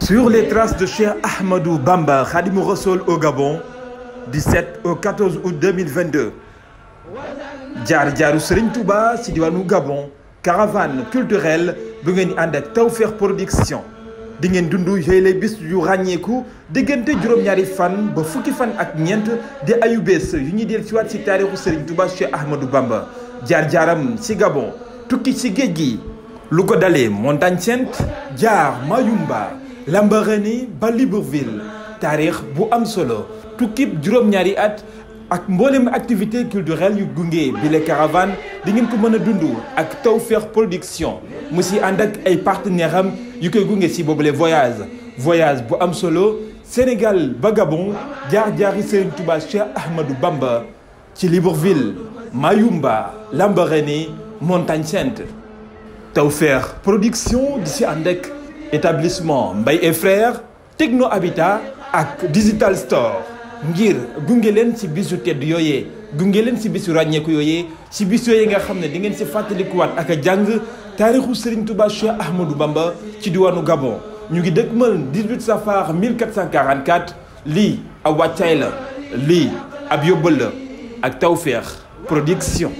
Sur les traces de Cheikh Ahmadou Bamba, Khadimou Rassoul au Gabon, 17 au 14 août 2022. jaar-jaaru Serigne Touba ci diwaanu Gabon caravane culturelle bu ngeen ànd ak Tawfekh Production di ngeen dund yooyu lay bis yu ràññeeku diggante juróom-ñaari fan ba fukki fan ak ñeent di ayu yu ñuy del siwaat ci taarixu Serigne Touba Cheikh Ahmadou Bamba jaar-jaaram ci Gabon tukki ci géej gi lu ko dalee Montagne Sainte jaar Mayumba Lambaréné ba Libreville taarix bu am solo tukkib juróom-ñaari at ak mboolem activité culturelle yu gunge bile caravane di ngeen ko mën a dund ak Tawfekh Production mu si ànd ak ay partenaires am yu koy gunge si boobule voyage voyage bu am solo Sénégal ba Gabon jaar-jaari seen Touba Cheikh Ahmadou Bamba ci Libreville Mayumba Lambaréné Montagne Sainte Tawfekh production di si ànd ak établissement Mbaye et frères Techno Habitat ak Digital Store ngir gunge leen si bisu tedd yooyee gunge leen si bisu ràññeeku yooyee si bis yooyee nga xam ne di ngeen si fàttalikuwaat ak a jàng taarixu Serigne Touba Cheikh Ahmadou Bamba ci diwaanu Gabon ñu ngi dëkkmal 18 safar 1444 lii ab wàccaay la lii ab yóbbal la ak Tawfekh production